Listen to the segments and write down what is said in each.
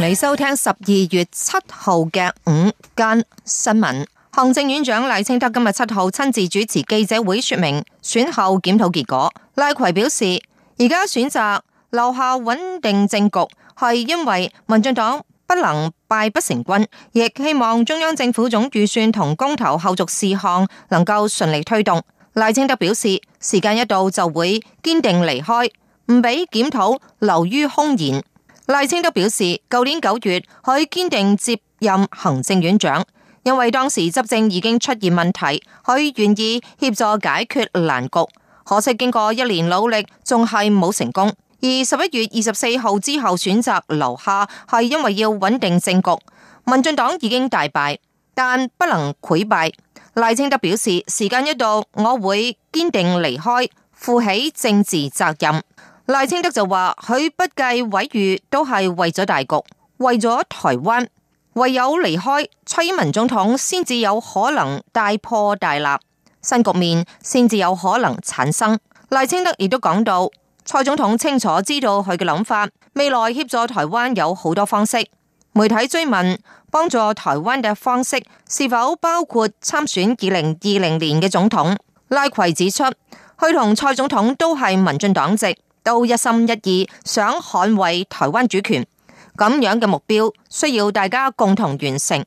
你收聽十二月七號嘅午間新聞。行政院長賴清德今日七號親自主持記者會，說明選後檢討結果。賴揆錶示，而家選擇留下穩定政局，係因為民進黨不能敗不成軍，亦希望中央政府總預算同公投後續事項能夠順利推動。賴清德表示，時間一到就會堅定離開，唔俾檢討流於空言。賴清德表示，舊年九月，佢堅定接任行政院長，因為當時執政已經出現問題，佢願意協助解決難局。可惜經過一年努力，仲係冇成功。而十一月二十四號之後選擇留下，係因為要穩定政局。民進黨已經大敗，但不能潰敗。賴清德表示，時間一到，我會堅定離開，負起政治責任。賴清德就話，佢不計毀譽，都係為咗大局，為咗台灣，唯有離開蔡英文總統，先至有可能大破大立，新局面先至有可能產生。賴清德亦都講到，蔡總統清楚知道佢嘅諗法，未來協助台灣有好多方式。媒體追問幫助台灣嘅方式是否包括參選二零二零年嘅總統，賴揆指出，佢同蔡總統都係民進黨籍。都一心一意想捍衛台灣主權，咁樣嘅目標需要大家共同完成。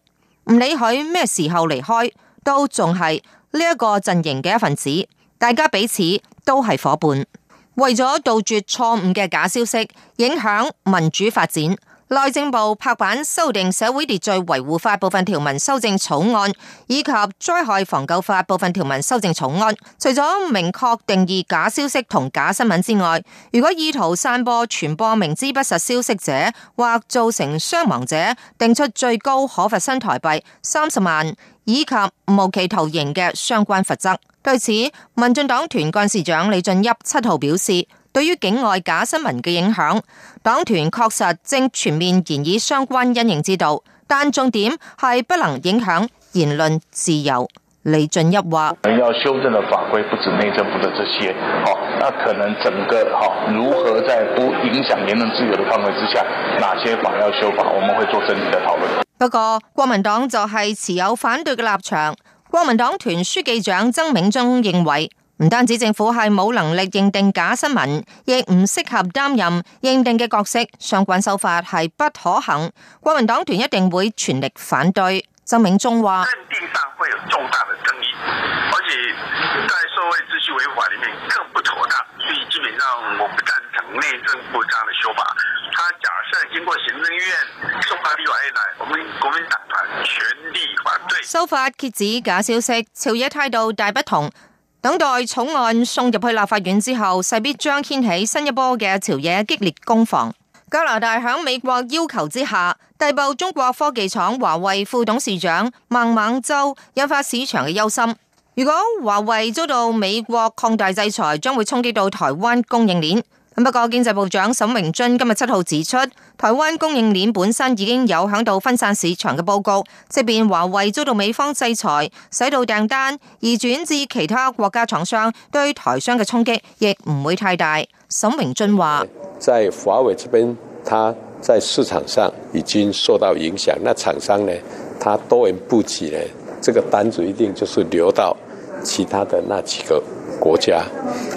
唔理佢咩時候離開，都仲係呢一個陣營嘅一份子，大家彼此都係伙伴。為咗杜絕錯誤嘅假消息，影響民主發展。內政部拍板修訂《社會秩序維護法》部分條文修正草案，以及《災害防救法》部分條文修正草案，除咗明確定義假消息同假新聞之外，如果意圖散播、傳播明知不實消息者或造成傷亡者，定出最高可罰新台幣三十萬以及無期徒刑嘅相關罰則。對此，民進黨團幹事長李俊逸七號表示。對於境外假新聞嘅影響，黨團確實正全面研議相關因應之道，但重點係不能影響言論自由。李俊一話：要修正的法規不止內政部的這些，可能整個如何在不影響言論自由的範圍之下，哪些法要修法，我們會做整體嘅討論。不過，國民黨就係持有反對嘅立場。國民黨團書記長曾銘宗認為。唔單止政府係冇能力認定假新聞，亦唔適合擔任認定嘅角色，相關修法係不可行。國民黨團一定會全力反對。周明忠話：認定上會有重大的爭議，而且在社會秩序維護法裏面更不妥當，所以基本上我不贊成內政部這樣的說法。他假設經過行政院送法律委來，我們國民黨團全力反對。修法遏止假消息，朝野態度大不同。等待草案送入去立法院之後，勢必將掀起新一波嘅朝野激烈攻防。加拿大響美國要求之下逮捕中國科技廠華為副董事長孟晚舟，引發市場嘅憂心。如果華為遭到美國擴大制裁，將會衝擊到台灣供應鏈。咁不過經濟部長沈榮津今日七號指出，台灣供應鏈本身已經有響到分散市場嘅布局，即便華為遭到美方制裁，使到訂單移轉至其他國家廠商，對台商嘅衝擊亦唔會太大。沈榮津話：在華為這邊，它在市場上已經受到影響，那廠商呢，他多元布局呢，這個單子一定就是流到其他的那幾個國家，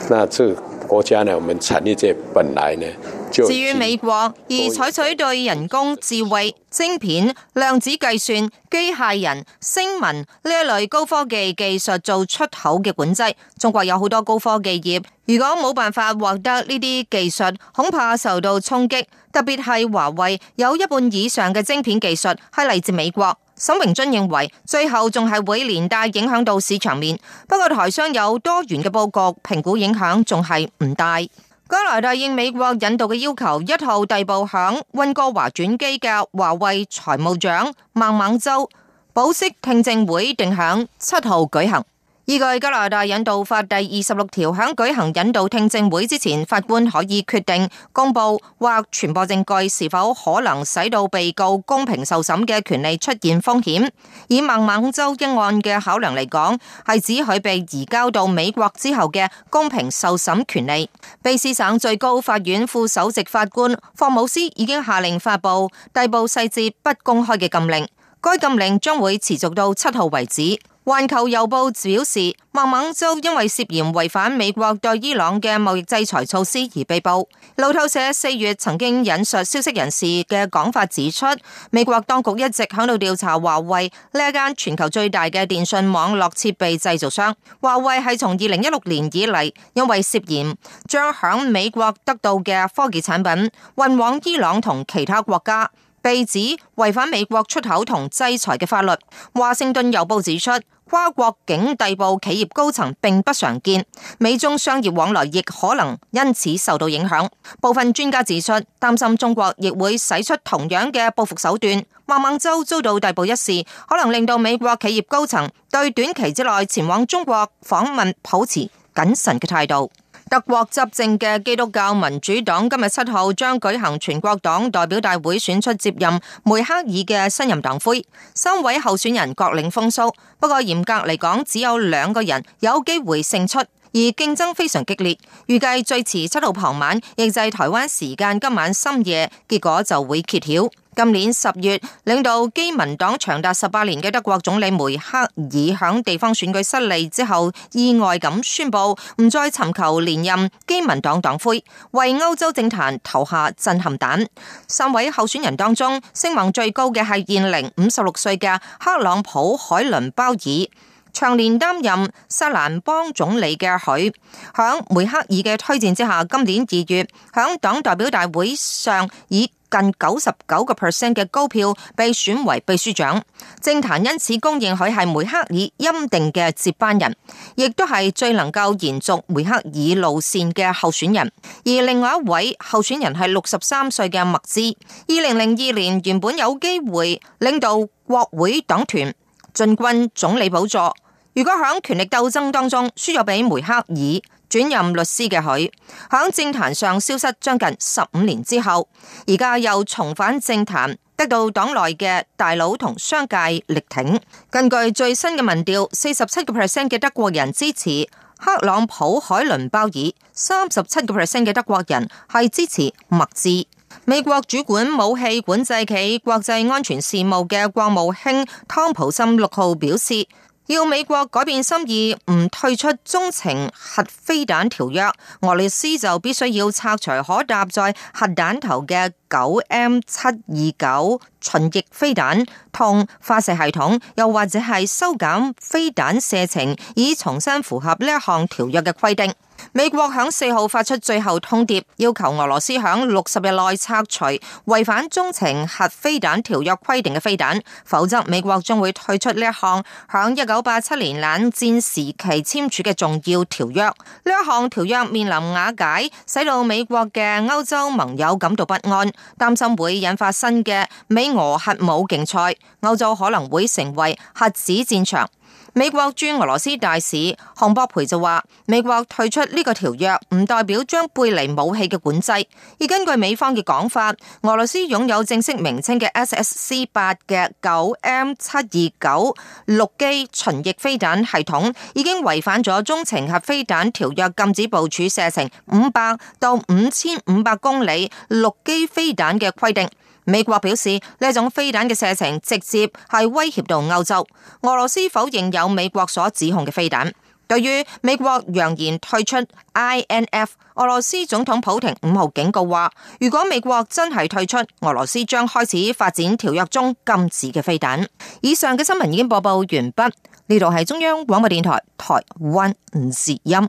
那這。國家呢，我們產業者本來呢，至於美國而採取對人工智慧、晶片、量子計算、機械人、聲紋呢一類高科技技術做出口嘅管制，中國有好多高科技業，如果冇辦法獲得呢啲技術，恐怕受到衝擊，特別係華為有一半以上嘅晶片技術係嚟自美國。沈榮津認為，最後仲係會連帶影響到市場面，不過台商有多元嘅布局，評估影響仲係唔大。加拿大應美國引渡嘅要求，一號逮捕響溫哥華轉機嘅華為財務長孟晚舟，保釋聽證會定響七號舉行。依據加拿大引渡法第二十六條，響舉行引渡聽證會之前，法官可以決定公布或傳播證據是否可能使到被告公平受審嘅權利出現風險。以孟晚舟一案嘅考量嚟講，係指佢被移交到美國之後嘅公平受審權利。卑斯省最高法院副首席法官霍姆斯已經下令發布逮捕細節不公開嘅禁令，該禁令將會持續到七號為止。環球郵報表示，孟晚舟因為涉嫌違反美國對伊朗嘅貿易制裁措施而被捕。路透社四月曾經引述消息人士嘅講法指出，美國當局一直響度調查華為呢一間全球最大嘅電信網絡設備製造商。華為係從二零一六年以嚟，因為涉嫌將響美國得到嘅科技產品運往伊朗同其他國家。被指違反美國出口同制裁嘅法律，華盛頓郵報指出，跨國境逮捕企業高層並不常見，美中商業往來亦可能因此受到影響。部分專家指出，擔心中國亦會使出同樣嘅報復手段。孟晚舟遭到逮捕一事，可能令到美國企業高層對短期之內前往中國訪問抱持謹慎嘅態度。特德國執政嘅基督教民主黨今日七號將舉行全國黨代表大會，選出接任梅克爾嘅新任黨魁，三位候選人各領風騷，不過嚴格嚟講只有兩個人有機會勝出，而競爭非常激烈，預計最遲七號傍晚（亦即台灣時間今晚深夜）結果就會揭曉。今年十月，領導基民黨長達十八年嘅德國總理梅克爾響地方選舉失利之後，意外咁宣佈唔再尋求連任基民黨黨魁，為歐洲政壇投下震撼彈。三位候選人當中，聲望最高嘅係現齡五十六歲嘅克朗普海倫鮑爾，長年擔任薩蘭邦總理嘅佢，響梅克爾嘅推薦之下，今年二月響黨代表大會上以近九十九個 percent 嘅高票被選為秘書長，政壇因此公認佢係梅克爾欽定嘅接班人，亦都係最能夠延續梅克爾路線嘅候選人。而另外一位候選人係六十三歲嘅麥茲，二零零二年原本有機會領導國會黨團進軍總理寶座，如果響權力鬥爭當中輸咗俾梅克爾。轉任律師嘅佢，響政壇上消失將近十五年之後，而家又重返政壇，得到黨內嘅大佬同商界力挺。根據最新嘅民調，四十七個 percent 嘅德國人支持克朗普，海倫鮑爾，三十七個 percent 嘅德國人係支持默茨。美國主管武器管制暨國際安全事務嘅國務卿湯普森六號表示。要美國改變心意，唔退出《中程核飛彈條約》，俄羅斯就必須要拆除可搭載核彈頭嘅 9M729 巡弋飛彈同發射系統，又或者係修減飛彈射程，以重新符合呢一項條約嘅規定。美國響四號發出最後通牒，要求俄羅斯響六十日內拆除違反《中程核飛彈條約》規定嘅飛彈，否則美國將會退出呢一項響一九八七年冷戰時期簽署嘅重要條約。呢一項條約面臨瓦解，使到美國嘅歐洲盟友感到不安，擔心會引發新嘅美俄核武競賽，歐洲可能會成為核子戰場。美國駐俄羅斯大使洪博培就話，美國退出呢個條約唔代表將背離武器嘅管制，而根據美方嘅講法，俄羅斯擁有正式名稱嘅 S S C 八嘅九 M 七二九陸基巡弋飛彈系統，已經違反咗中程核飛彈條約禁止部署射程五百到五千五百公里陸基飛彈嘅規定。美國表示呢種飛彈嘅射程直接係威脅到歐洲。俄羅斯否認有美國所指控嘅飛彈。對於美國揚言退出 INF，俄羅斯總統普廷五號警告話：，如果美國真係退出，俄羅斯將開始發展條約中禁止嘅飛彈。以上嘅新聞已經播報完畢。呢度係中央廣播電台台灣之音。